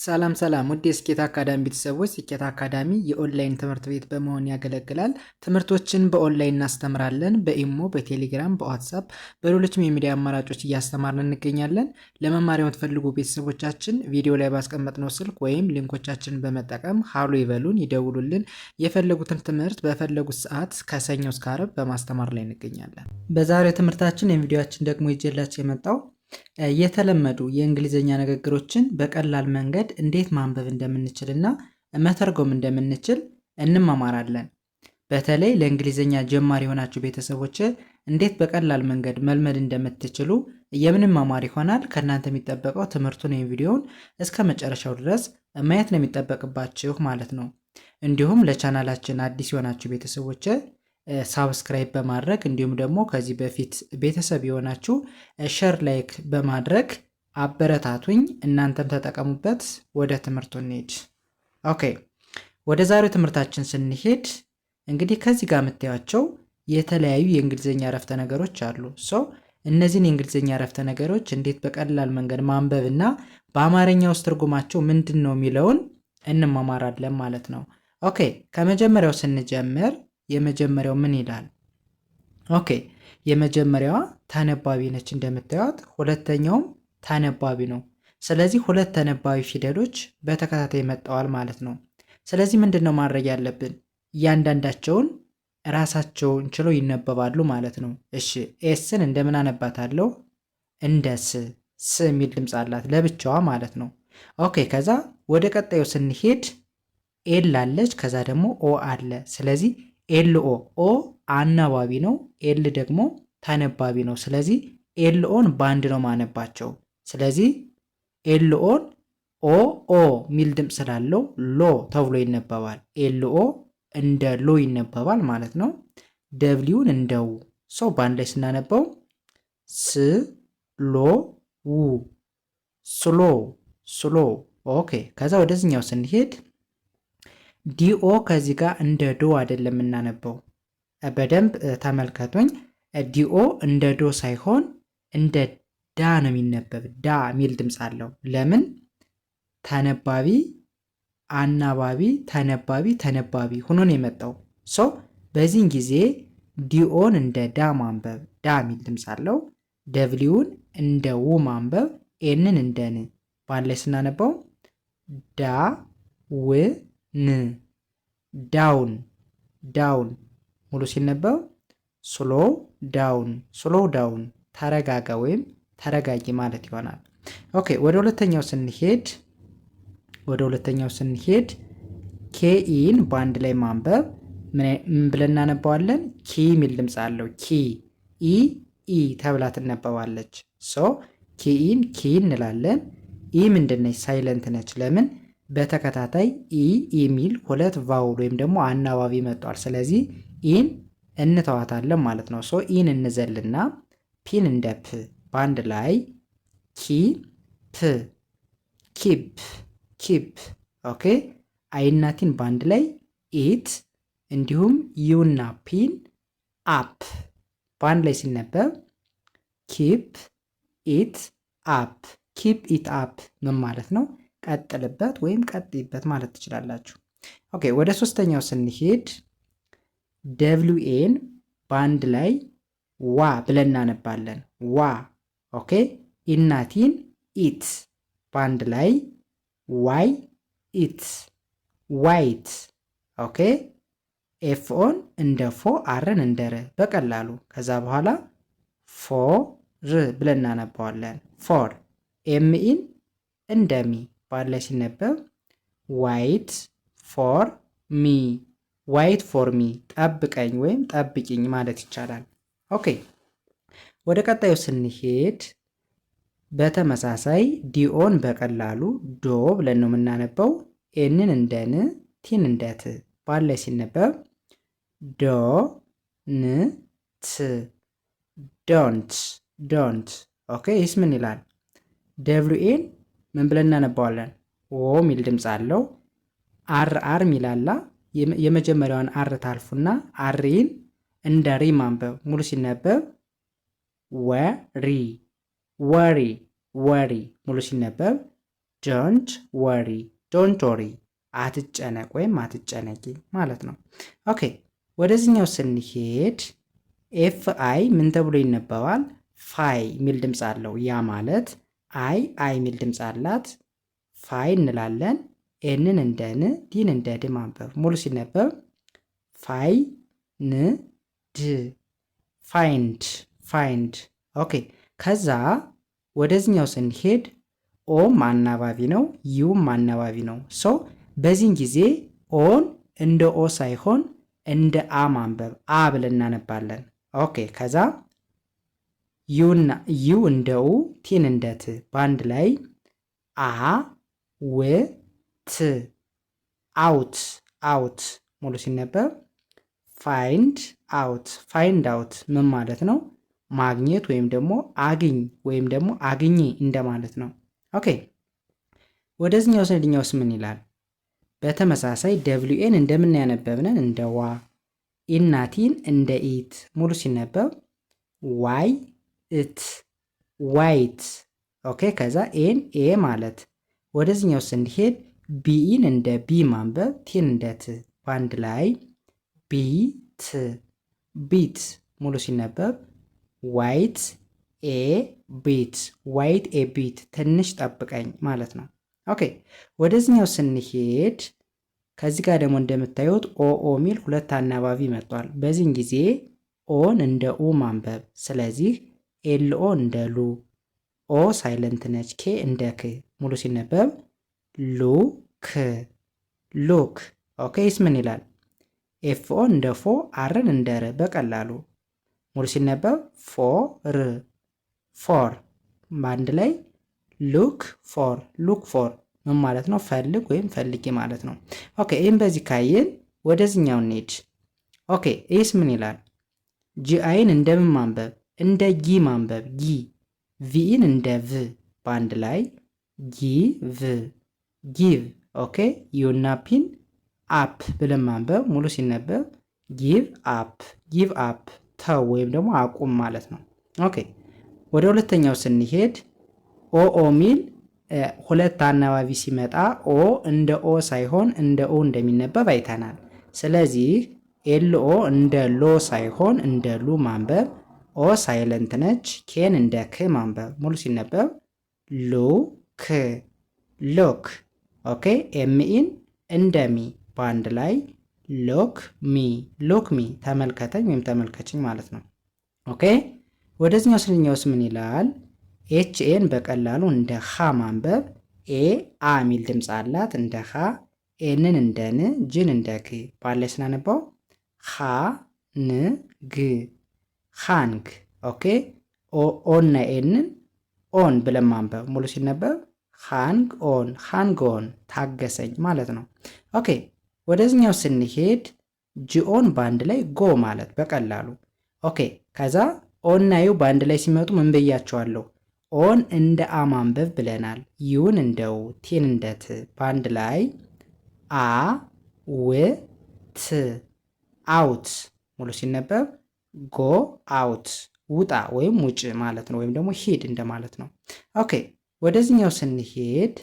ሰላም ሰላም ውድ የስኬት አካዳሚ ቤተሰቦች፣ ስኬት አካዳሚ የኦንላይን ትምህርት ቤት በመሆን ያገለግላል። ትምህርቶችን በኦንላይን እናስተምራለን። በኢሞ፣ በቴሌግራም፣ በዋትሳፕ፣ በሌሎችም የሚዲያ አማራጮች እያስተማርን እንገኛለን። ለመማሪያ የምትፈልጉ ቤተሰቦቻችን ቪዲዮ ላይ ባስቀመጥነው ስልክ ወይም ሊንኮቻችንን በመጠቀም ሀሎ ይበሉን፣ ይደውሉልን። የፈለጉትን ትምህርት በፈለጉት ሰዓት ከሰኞ እስከ ዓርብ በማስተማር ላይ እንገኛለን። በዛሬው ትምህርታችን የቪዲዮችን ደግሞ ይዤላችሁ የመጣው የተለመዱ የእንግሊዘኛ ንግግሮችን በቀላል መንገድ እንዴት ማንበብ እንደምንችልና መተርጎም እንደምንችል እንማማራለን። በተለይ ለእንግሊዘኛ ጀማሪ የሆናችሁ ቤተሰቦች እንዴት በቀላል መንገድ መልመድ እንደምትችሉ የምንማማር ይሆናል። ከእናንተ የሚጠበቀው ትምህርቱን ወይም ቪዲዮውን እስከ መጨረሻው ድረስ ማየት ነው የሚጠበቅባችሁ ማለት ነው። እንዲሁም ለቻናላችን አዲስ የሆናችሁ ቤተሰቦች ሳብስክራይብ በማድረግ እንዲሁም ደግሞ ከዚህ በፊት ቤተሰብ የሆናችሁ ሸር ላይክ በማድረግ አበረታቱኝ። እናንተም ተጠቀሙበት። ወደ ትምህርቱ እንሄድ። ኦኬ ወደ ዛሬው ትምህርታችን ስንሄድ እንግዲህ ከዚህ ጋር የምታያቸው የተለያዩ የእንግሊዝኛ ረፍተ ነገሮች አሉ። ሶ እነዚህን የእንግሊዝኛ ረፍተ ነገሮች እንዴት በቀላል መንገድ እና በአማርኛ ውስጥ ትርጉማቸው ምንድን ነው የሚለውን እንማማራለን ማለት ነው። ኦኬ ከመጀመሪያው ስንጀምር የመጀመሪያው ምን ይላል? ኦኬ የመጀመሪያዋ ተነባቢ ነች እንደምታዩት፣ ሁለተኛውም ተነባቢ ነው። ስለዚህ ሁለት ተነባቢ ፊደሎች በተከታታይ መጥተዋል ማለት ነው። ስለዚህ ምንድን ነው ማድረግ ያለብን? እያንዳንዳቸውን ራሳቸውን ችለው ይነበባሉ ማለት ነው። እሺ ኤስን እንደምን አነባታለሁ? እንደ ስ ስ የሚል ድምፅ አላት ለብቻዋ ማለት ነው። ኦኬ ከዛ ወደ ቀጣዩ ስንሄድ ኤል አለች፣ ከዛ ደግሞ ኦ አለ። ስለዚህ ኤል ኦ ኦ አናባቢ ነው። ኤል ደግሞ ተነባቢ ነው። ስለዚህ ኤል ኦን ባንድ ነው ማነባቸው። ስለዚህ ኤል ኦን ኦ ኦ ሚል ድምፅ ስላለው ሎ ተብሎ ይነበባል። ኦ እንደ ሎ ይነበባል ማለት ነው። ደብሊውን ው ሰው በአንድ ላይ ስናነበው ስ ሎ ው ስሎ ስሎ ኦኬ። ከዛ ወደዚህኛው ስንሄድ ዲኦ ከዚህ ጋር እንደ ዶ አይደለም የምናነበው። በደንብ ተመልከቱኝ። ዲኦ እንደ ዶ ሳይሆን እንደ ዳ ነው የሚነበብ። ዳ የሚል ድምፅ አለው። ለምን? ተነባቢ አናባቢ ተነባቢ ተነባቢ ሆኖ ነው የመጣው። ሶ በዚህን ጊዜ ዲኦን እንደ ዳ ማንበብ፣ ዳ የሚል ድምፅ አለው። ደብሊውን እንደ ው ማንበብ፣ ኤንን እንደ ን በአንድ ላይ ስናነባው ዳ ው ን ዳውን ዳውን ሙሉ ሲነበብ ስሎ ዳውን ስሎ ዳውን ተረጋጋ ወይም ተረጋጊ ማለት ይሆናል። ኦኬ ወደ ሁለተኛው ስንሄድ ወደ ሁለተኛው ስንሄድ ኬኢን በአንድ ላይ ማንበብ ምን ብለን እናነባዋለን? ኪ የሚል ድምፅ አለው። ኪ ኢ ኢ ተብላ ትነበባለች። ሶ ኪኢን ኪ እንላለን። ኢ ምንድነች? ሳይለንት ነች። ለምን በተከታታይ ኢ የሚል ሁለት ቫውል ወይም ደግሞ አናባቢ መጥቷል። ስለዚህ ኢን እንተዋታለን ማለት ነው። ሶ ኢን እንዘልና ፒን እንደ ፕ በአንድ ላይ ኪ ፕ ኪፕ ኪፕ። ኦኬ አይናቲን በአንድ ላይ ኢት፣ እንዲሁም ዩና ፒን አፕ በአንድ ላይ ሲነበብ ኪፕ ኢት አፕ ኪፕ ኢት አፕ ምን ማለት ነው? ቀጥልበት ወይም ቀጥይበት ማለት ትችላላችሁ። ኦኬ ወደ ሶስተኛው ስንሄድ ደብሊው ኤን በአንድ ላይ ዋ ብለን እናነባለን። ዋ ኦኬ። ኢናቲን ኢት በአንድ ላይ ዋይ ኢት ዋይት ኦኬ። ኤፍኦን እንደ ፎ አርን እንደ ር በቀላሉ ከዛ በኋላ ፎ ር ብለን እናነባዋለን። ፎር ኤምኢን እንደ ሚ በአንድ ላይ ሲነበብ ዋይት ፎር ሚ ዋይት ፎር ሚ ጠብቀኝ ወይም ጠብቂኝ ማለት ይቻላል። ኦኬ ወደ ቀጣዩ ስንሄድ በተመሳሳይ ዲኦን በቀላሉ ዶ ብለን ነው የምናነበው። ኤንን እንደ ን ቲን እንደ ት ላይ ሲነበብ ዶ ን ት ዶንት ዶንት። ኦኬ ይህስ ምን ይላል? ደብሉኤን ምን ብለን እናነባዋለን? ኦ ሚል ድምፅ አለው። አር አር ሚላላ የመጀመሪያውን አር ታልፉና አሪን እንደ ሪ ማንበብ ሙሉ ሲነበብ ወሪ ወሪ ወሪ ሙሉ ሲነበብ ዶንት ወሪ ዶንት ወሪ አትጨነቅ ወይም አትጨነቂ ማለት ነው። ኦኬ ወደዚህኛው ስንሄድ ኤፍ አይ ምን ተብሎ ይነበባል? ፋይ የሚል ድምፅ አለው። ያ ማለት አይ አይ የሚል ድምፅ አላት። ፋይ እንላለን። ኤንን እንደ ን ዲን እንደ ድ ማንበብ ሙሉ ሲነበብ ፋይ ን ድ ፋይንድ ፋይንድ። ኦኬ ከዛ ወደዚኛው ስንሄድ ኦም ማናባቢ ነው፣ ዩም ማናባቢ ነው። ሶ በዚህን ጊዜ ኦን እንደ ኦ ሳይሆን እንደ አ ማንበብ አ ብለን እናነባለን። ኦኬ ከዛ ዩና ዩ እንደው ቲን እንደት በአንድ ላይ አ ው ት አውት አውት ሙሉ ሲነበብ ፋይንድ አውት ፋይንድ አውት ምን ማለት ነው? ማግኘት ወይም ደግሞ አግኝ ወይም ደግሞ አግኝ እንደማለት ነው። ኦኬ ወደዚህኛው ስንድኛውስ ምን ይላል? በተመሳሳይ ደብሊው ኤን እንደምን ያነበብነን እንደ ዋ ኢናቲን እንደ ኢት ሙሉ ሲነበብ ዋይ ኢት ዋይት ኦኬ። ከዛ ኤን ኤ ማለት ወደዚኛው ስንሄድ ቢኢን እንደ ቢ ማንበብ ቲን እንደ ት በአንድ ላይ ቢት ቢት ሙሉ ሲነበብ ዋይት ኤ ቢት ዋይት ኤ ቢት ትንሽ ጠብቀኝ ማለት ነው። ኦኬ ወደዚኛው ስንሄድ ከዚህ ጋር ደግሞ እንደምታዩት ኦ ኦ ሚል ሁለት አናባቢ መጥቷል። በዚህን ጊዜ ኦን እንደ ኡ ማንበብ ስለዚህ ኤልኦ እንደ ሉ፣ ኦ ሳይለንት ነች፣ ኬ እንደ ክ፣ ሙሉ ሲነበብ ሉ ክ ሉክ። ኦኬ ይስ ምን ይላል? ኤፍኦ እንደ ፎ፣ አርን እንደ ር፣ በቀላሉ ሙሉ ሲነበብ ፎ ር ፎር። በአንድ ላይ ሉክ ፎር ሉክ ፎር ምን ማለት ነው? ፈልግ ወይም ፈልጊ ማለት ነው። ኦኬ ይህም በዚህ ካየን ወደዚህኛው እንሂድ። ኦኬ ይህስ ምን ይላል? ጂአይን እንደምን ማንበብ እንደ ጊ ማንበብ ጊ ቪኢን እንደ ቭ በአንድ ላይ ጊ ቭ ጊቭ። ኦኬ ዩና ፒን አፕ ብለን ማንበብ ሙሉ ሲነበብ ጊቭ አፕ ጊቭ አፕ ተው ወይም ደግሞ አቁም ማለት ነው። ኦኬ ወደ ሁለተኛው ስንሄድ ኦኦ ሚል ሁለት አናባቢ ሲመጣ ኦ እንደ ኦ ሳይሆን እንደ ኦ እንደሚነበብ አይተናል። ስለዚህ ኤልኦ እንደ ሎ ሳይሆን እንደ ሉ ማንበብ ኦ ሳይለንት ነች። ኬን እንደ ክ ማንበብ። ሙሉ ሲነበብ ሉ ክ ሎክ። ኦኬ ኤምኢን እንደ ሚ በአንድ ላይ ሎክ ሚ ሎክ ሚ፣ ተመልከተኝ ወይም ተመልከችኝ ማለት ነው። ኦኬ ወደዚህኛው ስንኛውስ ምን ይላል? ኤች ኤን በቀላሉ እንደ ሀ ማንበብ። ኤ አ ሚል ድምፅ አላት እንደ ሀ፣ ኤንን እንደ ን፣ ጅን እንደ ግ ባለ ስናነባው ሀ ን ግ ሃንግ ኦኬ ኦና ኤንን ኦን ብለን ማንበብ ሙሉ ሲነበብ ሃንግ ኦን ሃንግ ኦን ታገሰኝ ማለት ነው። ኦኬ ወደዚኛው ስንሄድ ጂኦን በአንድ ላይ ጎ ማለት በቀላሉ ኦኬ። ከዛ ኦና ዩ በአንድ ላይ ሲመጡ ምን ብያቸዋለሁ? ኦን እንደ አ ማንበብ ብለናል። ዩን እንደው ቲን እንደት በአንድ ላይ አ ው ት አውት ሙሉ ሲነበብ ጎ አውት ውጣ ወይም ውጭ ማለት ነው። ወይም ደግሞ ሂድ እንደማለት ነው። ኦኬ ወደዚህኛው ስንሄድ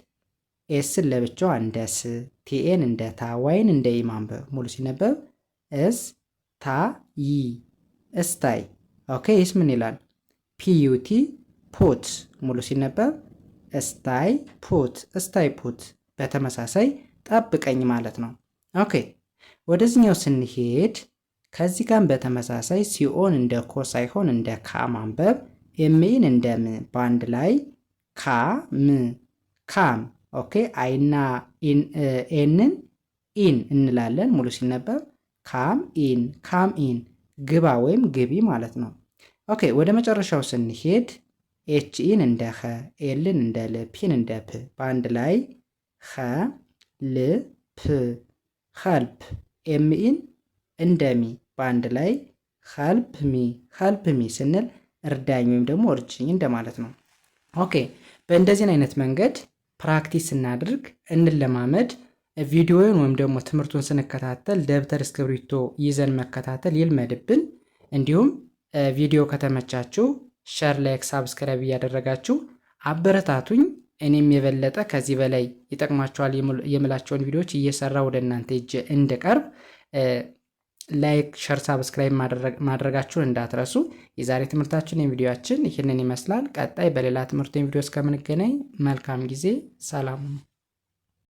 ኤስን ለብቻዋ እንደ ስ፣ ቲኤን እንደ ታ፣ ዋይን እንደ ኢ ሙሉ ሲነበብ እስ ታ ይ እስታይ። ኦኬ ይስ ምን ይላል? ፒዩቲ ፑት ሙሉ ሲነበብ እስታይ ፑት እስታይ ፑት። በተመሳሳይ ጠብቀኝ ማለት ነው። ኦኬ ወደዚህኛው ስንሄድ ከዚህ ጋር በተመሳሳይ ሲኦን እንደ ኮ ሳይሆን እንደ ካ ማንበብ ኤምኢን እንደ ም በአንድ ላይ ካ ም ካም። ኦኬ አይና ኤንን ኢን እንላለን ሙሉ ሲነበብ ካም ኢን ካም ኢን ግባ ወይም ግቢ ማለት ነው። ኦኬ ወደ መጨረሻው ስንሄድ ኤች ኢን እንደ ኸ ኤልን እንደ ል ፒን እንደ ፕ በአንድ ላይ ኸ ል ፕ ኸልፕ ኤምኢን እንደሚ በአንድ ላይ ሀልፕ ሚ ሀልፕ ሚ ስንል እርዳኝ ወይም ደግሞ እርጅኝ እንደማለት ነው። ኦኬ በእንደዚህን አይነት መንገድ ፕራክቲስ ስናደርግ እንለማመድ። ቪዲዮውን ወይም ደግሞ ትምህርቱን ስንከታተል ደብተር እስክሪብቶ ይዘን መከታተል ይልመድብን። እንዲሁም ቪዲዮ ከተመቻችሁ ሸር፣ ላይክ፣ ሳብስክራይብ እያደረጋችሁ አበረታቱኝ። እኔም የበለጠ ከዚህ በላይ ይጠቅማችኋል የምላቸውን ቪዲዮዎች እየሰራ ወደ እናንተ እጅ እንድቀርብ ላይክ፣ ሸር፣ ሳብስክራይብ ማድረጋችሁን እንዳትረሱ። የዛሬ ትምህርታችን የቪዲዮችን ይህንን ይመስላል። ቀጣይ በሌላ ትምህርት ቪዲዮ እስከምንገናኝ መልካም ጊዜ፣ ሰላም ነው።